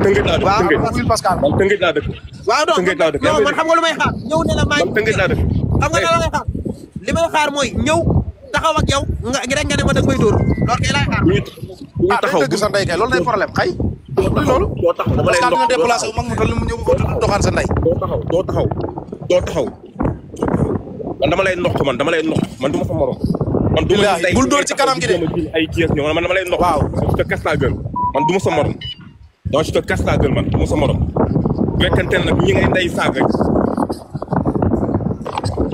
tëngëj laa dëkk man tëngëj laa dëkk. waaw non non man xam nga lu may xaar. ñëw ne la maa ngi laa dëkk. xam nga xaar li may xaar mooy ñëw taxaw ak yow nga rek nga ne ma da may dóor loolu kay laay xaar. ah day dëgg sa ndey loolu lay problème xay. loolu loolu. doo taxaw dama lay ndox dina déplacé ko doxaan taxaw doo taxaw doo taxaw man dama lay ndox man dama lay ndox man du ma sa morom. man du ma bul dóor ci kanam man dama lay ndox. man du ma sa donc je te casse la gueule man mu sa morom bu fekkente ne nag ñi saaga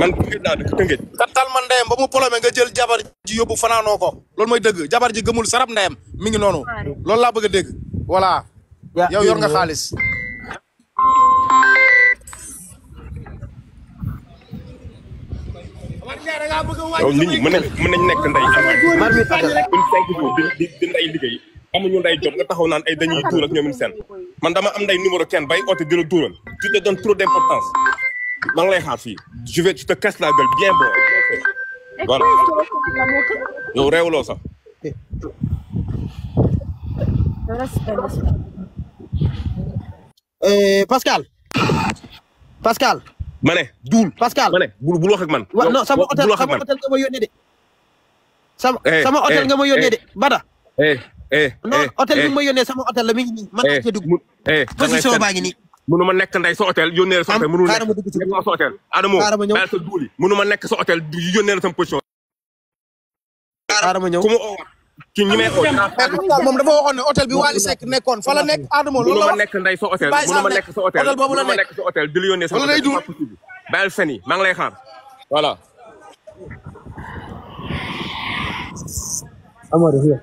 man tëngeej laa man ndeyam ba mu polomé nga jël jabar ji yóbbu fanaanoo ko loolu mooy dëgg jabar ji gëmul sarab ndeyam mi ngi noonu. lool laa bëgg a dégg voilà. yow yor nga xaalis. mën nañ nekk ndey liggéey. amuñu nday jom nga taxaw naan ay dañuy tuur ak ñoomin seen man dama am nday numéro kenn bay oote di la tuural tu te trop d'importance maa lay xaar fii je vais tu te la gueule bien bon voilà yow sax euh, Pascal Pascal ma ne duul Pascal ma ne bul bul wax ak man non sama hôtel sama hôtel nga ma yónnee de sama eh, sama hôtel eh, nga ma yónnee eh. de bada Eh, non eh, hôtel bi eh. ma sama hôtel la mi ngi nii man naa cee dugg position baa ma nekk nday sa hôtel yónnee la sa hôtel mënu nekk nekk sa hôtel yónnee la sama position Adamo ñëw ma oo ci ñi may oo moom dafa waxoon ne hôtel bi Wally nekkoon fa la nekk Adamo loolu la wax mënu nekk nday sa ma nekk sa hôtel hôtel boobu nekk sa hôtel di sa hôtel baal ngi lay xaar voilà Amady Dieng.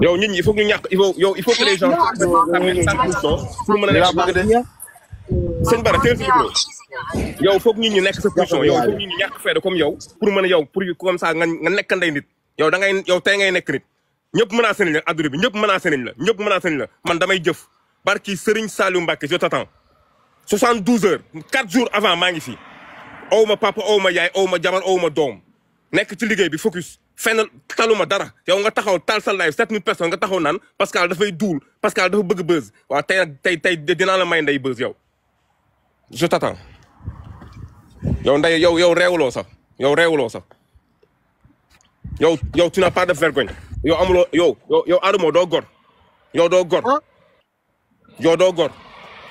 yow nit ñi il ñu ñàkk il faut yow il faut que pour mën a nekk sëñ Bara yow foog nit ñi nekk sa position yow foog nit comme yow pour mën a yow pour comme saa nga nga nekk nday nit yow da ngay yow tey ngay nekk nit ñëpp menacé nañ la adduna bi ñëpp menacé nañ la ñëpp menacé nañ la man damay jëf barki Serigne Saliou Mbacké je t'attends soixante douze heures quatre jours avant maa ngi fii aw ma papa aw ma yaay aw ma jabar aw ma doom nekk ci liggéey bi focus fenn taluma dara yow nga taxaw tal sa live sept mille personnes nga taxaw naan Pascal dafay duul Pascal dafa bëgg buzz waaw tey nag tey tey dinaa la may ndey buzz yow je t'attends yow nday yow yow reewuloo sax yow reewuloo sax yow yow tu de vergogne yow amuloo yow yow Adamo doo gor yow doo gor yow doo gor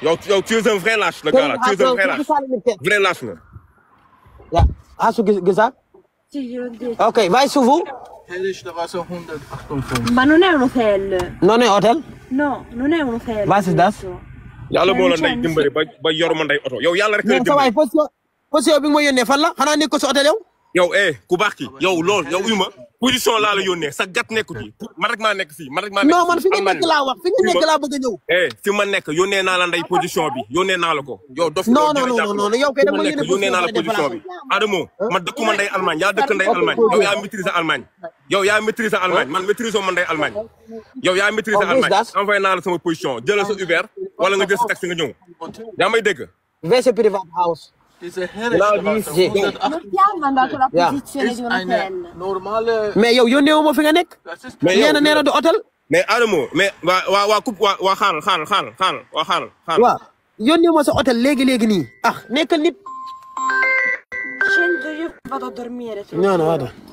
yow yow tu vrai lâche le gars là tu vrai lâche vrai lâche nga waaw Ok, vai su V. Hellischstraße 158. Ma non è un hotel. Non è hotel? No, non è un hotel. Was ist das? yàlla moo la ndey dimbali ba ba yoruma ndey oto yow yàlla rek. la dimbali mais sa waay position position bi nga ma yónnee fan la xanaa nekk ko si hôtel yow. yow eh ku baax ki ah, yow lool yow uyu ma position laa la yónnee sa gat nekku ci man rek maa nekk si man rek maa nekk non man fi nga nekk wax fi nga nekk laa bëgg a ñëw eh ma nekk yónnee naa la nday position bi yónnee naa la ko yow dof non non non non bi Adamo man dëkkuma nday Allemagne yaa dëkk nday Allemagne yow yaa maîtriser Allemagne yow yaa maîtriser Allemagne man maîtriser ma nday Allemagne yow yaa maîtriser Allemagne envoyé naa la sama position jëlal sa Uber wala nga jël sa taxi nga ñëw yaa may dégg mandato la posizione di una tenda. mais yow yónnee wu ma fi nga nekk. mais yow nee na nee na du hôtel. waa waa waa coupe waa waa xaaral waa xaaral. waaw yónnee ma sa hôtel léegi léegi nii. ah nekkal nit. scendi io e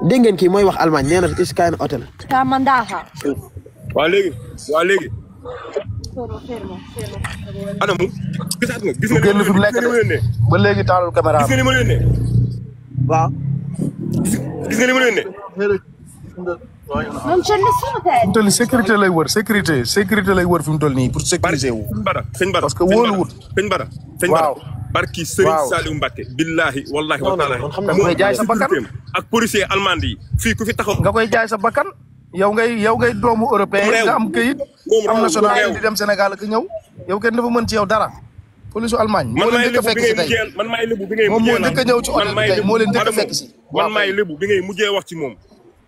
dégg ngeen kii mooy wax Allemagne nee na is kind hotel. waa léegi waa léegi. Anamu. gisaat nga gis nga li ma leen ne ba léegi taalul caméra gis nga li ma leen ne. waaw. gis nga li ma leen ne. fi mu toll sécurité lay wër sécurité sécurité lay wër fi mu toll nii pour sécuriser wu. parce que wóolu wut. sëñ Bada sëñ Bada. waaw. barki Serigne Saliou Mbacké billahi wallahi wa taala ak policier allemand yi fii ku fi taxaw nga koy jaay sa bakkan yow ngay yow ngay doomu européen nga am këyit am nationalité di dem Sénégal ak ñëw yow kenn dafa mën ci yow dara police u Allemagne moo leen dëkk fekk si tey man maay lébu bi ngay moom moo dëkk ñëw ci hôtel bi moo leen dëkk fekk si man maay lébu bi ngay mujjee wax moom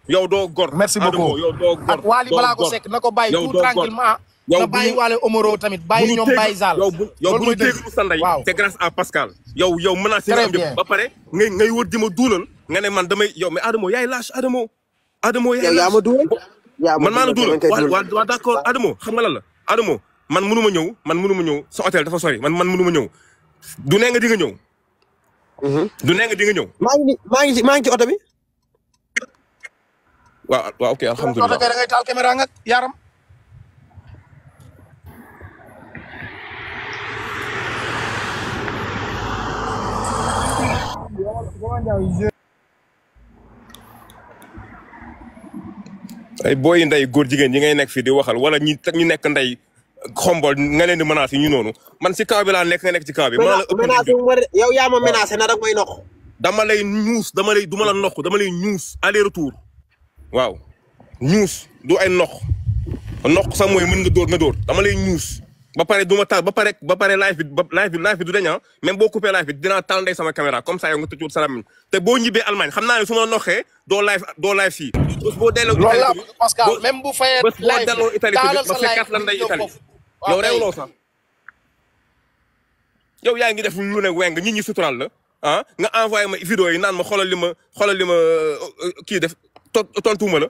yow doo gor merci beaucoup yow doo ko sekk na ko bàyyi tout tranquillement yow bàyyi waale Omoro tamit bàyyi ñoom bàyyi Zal yow bu yow bu ñu téeglu sa ndey c'est grâce à Pascal yow yow menacé nga am yëpp ba pare ma duulal nga man damay yow mais Adamo yaay lâche Adamo Adamo yaay lâche man maa la duulal waa waa d'accord Adamo xam nga lan la Adamo man mënu ma ñëw man mënu ma ñëw sa hôtel dafa sori man man mënu ma ñëw du nee nga di nga ñëw mhm. du nee di nga ñëw maa maa ngi ci maa ngi ci oto bi waaw waaw ok alhamdulilah oto yaram ay booy ndey góor jigéen yi ngay nekk fii di waxal wala ñi ñu nekk ndey xombol nga leen di yi ñu noonu man si camp bi laa nekk nga nekk ci camp bi. ma yow yaa ma menacé na rek may noq. dama lay ñuus dama lay la noq dama lay ñuus aller waaw ñuus du ay noq noq sax mooy mën nga dóor nga dóor dama lay ñuus. ba pare du ma taal ba pare ba pare live bi ba live bi live bi du dañ ah même boo coupé live bi dinaa taal ndey sama caméra comme ça yow nga tëjuwut sa làmmiñ te boo ñibbee Allemagne xam naa ne même bu fayee. live bi taalal sa live bi ñëw foofu yow réewloo sax yow yaa ngi def lu ne weng nit ñi sutural la ah. nga envoyé ma vidéo yi naan ma xoolal li ma xoolal li ma euh, kii def tontuuma la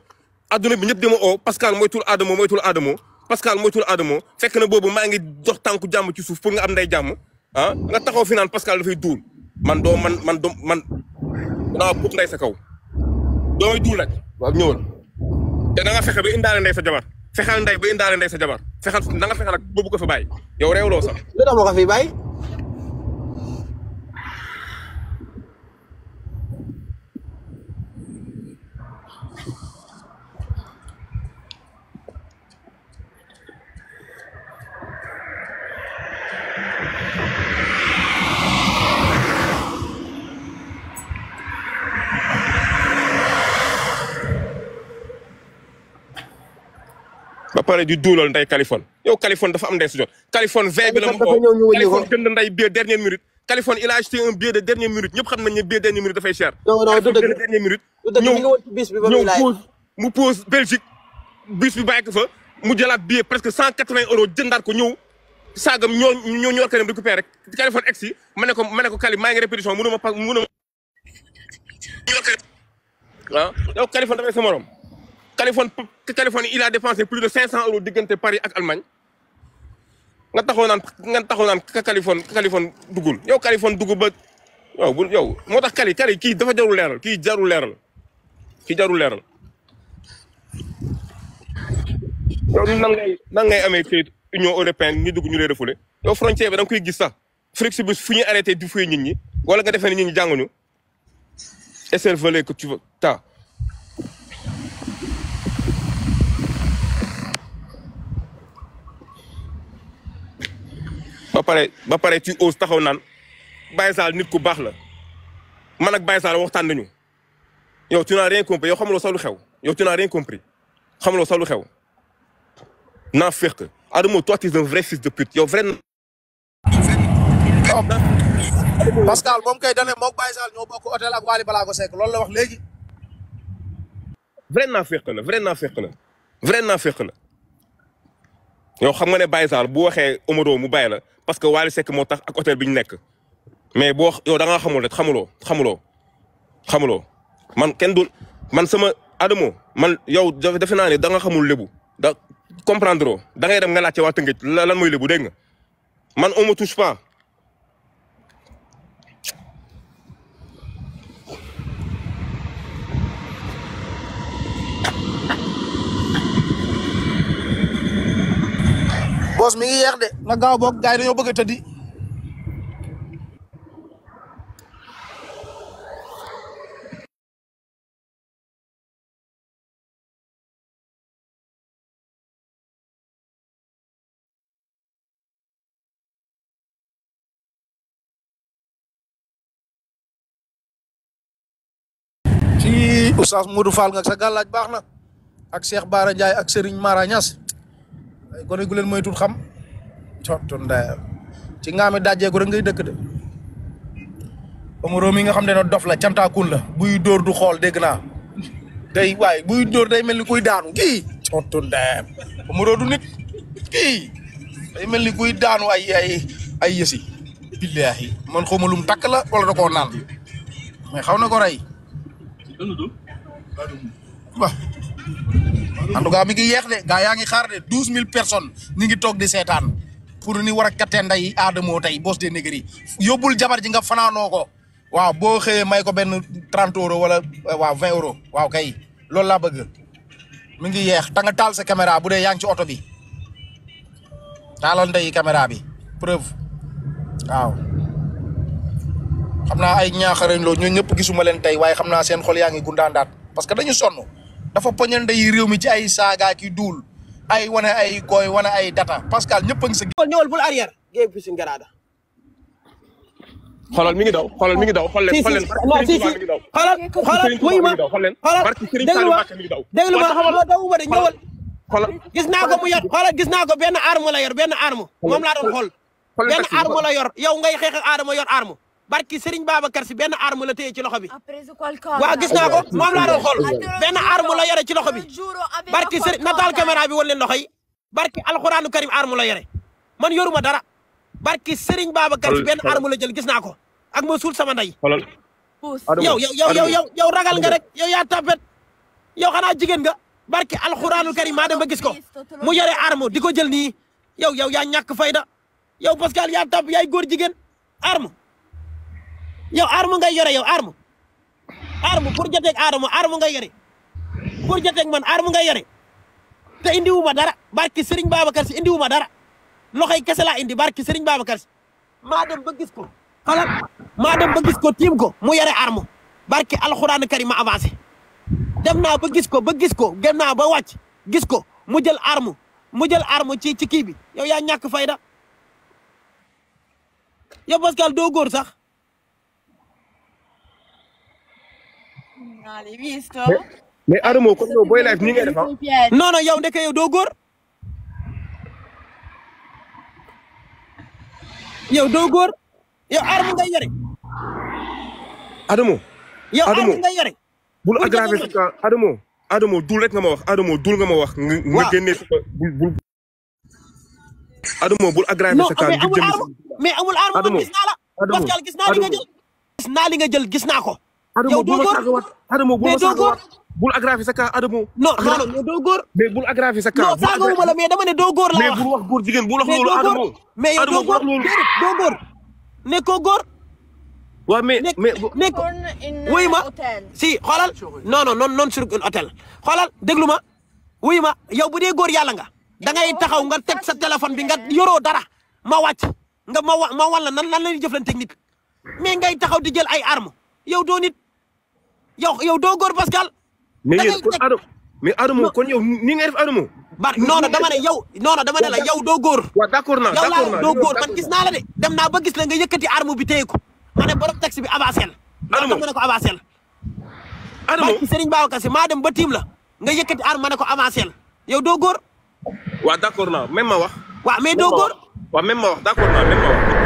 adduna bi ñëpp di ma oo Pascal mooy tul Adamo mooy tul Adamo Pascal moytul Adamo fekk na boobu maa ngi dox tànku jàmm ci suuf pour nga am nday jàmm ah nga taxaw fi naan Pascal dafay duul man doo man man doo man danaa puut nday sa kaw doo may duul nag waaw ñëwal te na nga fexe ba indaale nday sa jabar fexeel nday ba indaale nday sa jabar fexeel na nga fexe nag boobu ko fa bàyyi yow réewloo sax. lu tax ma fi bàyyi. pare di duulal nday Kaliphone yow Kaliphone dafa am nday su jot Kaliphone veille bi mu oo Kaliphone jënd nday billet dernière minute a acheté un billet de dernière minute ñëpp xam nañ ne billet dernière minute dafay cher minute ñëw pause mu pause Belgique bis bi bàyyi ko fa mu jëlaat billet presque cent quatre-vingts euros jëndaat ko ñëw saagam ñoo ñoo ñoo kanam récupéré rek Kaliphone egg si ko Kali maa ngi répétition mënuma pas mënuma ah yow Kaliphone dafay sa morom téléphone téléphone il a dépensé plus de 500 euros diggante Paris ak Allemagne nga taxaw naan nga taxaw naan ka Kaliphone Kaliphone duggul yow Kaliphone dugg ba waaw bu yow moo tax Kali Kali kii dafa jarul leeral kii jarul leeral kii jarul leeral. yow nan ngay nan ngay amee kayit Union européenne ñu dugg ñu lay refoulé yow frontière bi da nga koy gis sax Flixbus fu ñuy arrêté di fuye nit ñi wala nga defee ne nit ñi jànguñu. SRV que tu veux ta ba pare ba pare ci ose taxaw naan Baye Sall nit ku baax la man ak Baye Sall waxtaan nañu yow tu n'as rien compris yow xamuloo sax xew yow tu n'as rien compris xamuloo sax xew naa fekk Adamo toi tu vrai fils de pute yow vrai. Pascal moom kay dane moom Baye Sall ñoo bokk hôtel ak Wally Balago Seck loolu la wax léegi. vrai naa fekk la vrai naa fekk la la. yow xam nga ne Baye Zale bu waxee Omaro mu bàyyi la parce que Wally Seck moo tax a hôtel bi nekk mais boo yow da ngaa xamul rek xamuloo xamuloo man kenn du man sama Adamo man yow defe naa ne da xamul lébu da comprendre da ngay dem nga laajte waa Tëngéej la mooy lébu dégg nga man on me touche pas. boos mi ngi yeex de na gaaw boog gars yi dañoo bëgg a tëddi ci Oustaz nga sa gàllaaj baax na ak Cheikh Bara Ndiaye ak Serigne Mara Niass gone gu leen moytul xam cottu ndayam ci ngaami dajee ko rek ngay dëkk de Omaro mi nga xam ne no dof la cantaakun la buy dóor du xool dégg naa day waaye buy dóor day mel ni kuy daanu kii cottu ndayam Omaro du nit kii day mel ni kuy daanu ay ay ay yësi billaahi man xaw ma lum la wala da naan mais xaw na ko rey. waaw. en tout cas mi ngi yeex de gaa yaa ngi xaar de douze mille personnes ñu ngi toog di seetaan pour ni war a kattee nday aadamoo tey Boss des Negri yóbbul jabar ji nga fanaanoo ko waaw boo xewee may ko benn trente euros wala euh, wa vingt euros waaw kay loolu laa bëgg mi ngi yeex tanga taal sa caméra bu dee yaa ngi ci oto bi taalal nday caméra bi preuve waaw xam naa ay ñaaxarañ loo ñoo ñëpp gisuma leen tey waaye xam naa seen xol yaa ngi gundaandaat parce que dañu sonn dafa poñal day réew mi ci ay saaga ki duul ay wane ay gooy wane ay data Pascal ñëpp a ngi sa. ñëwal bul arrière ngay pusin garaada. xoolal mi ngi daw xoolal mi ngi daw. xool mi ngi daw. xoolal xoolal wuyu ma xoolal déglu ma gis naa ko mu yor gis naa ko benn arme la yor benn arme moom laa doon xool. benn arme la yor yow ngay xeex ak Adama yor arme. barki Serigne Babacar si benn arme la téye ci loxo bi waaw gis naa ko moom laa doon benn arme la yore ci loxo bi barki Serigne nataal caméra bi wan leen loxo yi barki alxuraanu karim arme la yore man yoruma dara barki Serigne Babacar si benn arme la jël gis naa ko ak ma suul sama ndey yow yow yow yow yow ragal nga rek yow yaa tapet yow xanaa jigéen nga barki alxuraanul karim maa dem ba gis ko mu yore arme di ko jël nii yow yow yaa ñàkk fayda yow Pascal yaa tap yaay góor jigéen yow arme ngay yore yaw arme arme pour joteeg Adama arme ngay yore pour joteeg man armu ngay yore te indiwu ma dara barki Serigne Babacar si indiwu ma dara loxoy kese laa indi barki Serigne Babacar si maa dem ba gis ko xalaat maa dem ko tiim ko mu yore arme barki alxuraan kari ma avancé dem naa ba gis ko ba gis ko dem ba wàcc gis ko mu jël armu mu jël arme ci ci kii bi yow yaa ñàkk fayda yow Pascal doo góor sax. mais Adamo kon yow booy ah. ndeke yow doo góor. yow doo góor yow arme nga yore. Adamo. yow arme nga yore. bul aggraver ka Adamo. Adamo dul rek nga ma wax Adamo dul nga ma wax. nga nga génnee bul bul. Adamo bul aggraver sa kaa. amul arme mais amul arme man gis naa la. Pascal nga jël. gis li nga jël gis naa ko. yow doo góor Adamo bul ma saaga bul aggraver sa cas Adamo. non non doo góor. mais bul aggraver sa cas. non saagawuma la mais dama ne doo góor laa wax mais bul wax góor jigéen bul wax loolu Adamo. mais yow doo góor déedéet doo góor. nekkoo góor. waaw mais mais nekk wuy ma si xoolal non non non non sur un hôtel xoolal déglu ma wuy ma yow bu dee góor yàlla nga da ngay taxaw nga teg sa téléphone bi nga yoroo dara ma wàcc nga ma wa ma wan la nan nan la ñuy jëflanteeg nit mais ngay taxaw di jël ay armes. yow doo nit yow yow doo góor Pascal. mais kon Adamo mais Adamo kon moo ni nga def Adamo. bar non non dama ne yow non dama ne la yow doo góor. waaw d'accord naa d'accord naa man gis naa la de. dem naa ba gis la nga yëkkati arme bi téye ko ma ne borom taxi bi avancé la. Adamo ma ne maa dem ba tiim la nga yëkkati arme ma ko avancé la yow doo góor. waaw d'accord naa même ma wax. waa mais doo góor. ma wax d'accord naa même ma wax.